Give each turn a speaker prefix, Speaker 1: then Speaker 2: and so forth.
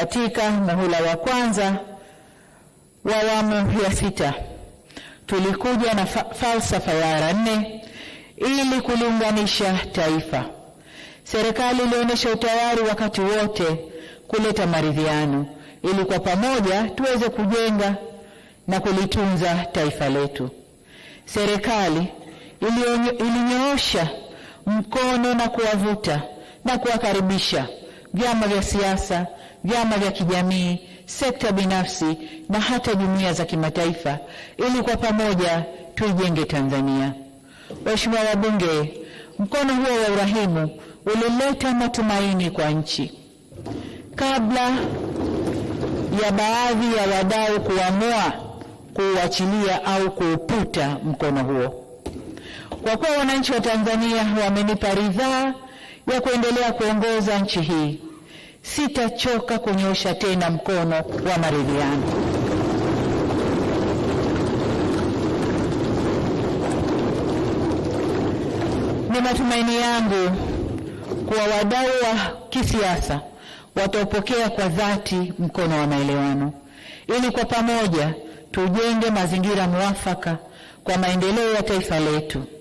Speaker 1: Katika muhula wa kwanza wa awamu ya sita tulikuja na fa falsafa ya R nne ili kuliunganisha taifa. Serikali ilionyesha utayari wakati wote kuleta maridhiano ili kwa pamoja tuweze kujenga na kulitunza taifa letu. Serikali ilinyoosha mkono na kuwavuta na kuwakaribisha vyama vya siasa, vyama vya kijamii, sekta binafsi na hata jumuiya za kimataifa, ili kwa pamoja tuijenge Tanzania. Waheshimiwa wabunge, mkono huo wa urahimu ulileta matumaini kwa nchi kabla ya baadhi ya wadau kuamua kuuachilia au kuuputa mkono huo. Kwa kuwa wananchi wa Tanzania wamenipa ridhaa ya kuendelea kuongoza nchi hii, sitachoka kunyosha tena mkono wa maridhiano. Ni matumaini yangu kuwa wadau wa kisiasa wataupokea kwa dhati mkono wa maelewano, ili kwa pamoja tujenge mazingira mwafaka kwa maendeleo ya taifa letu.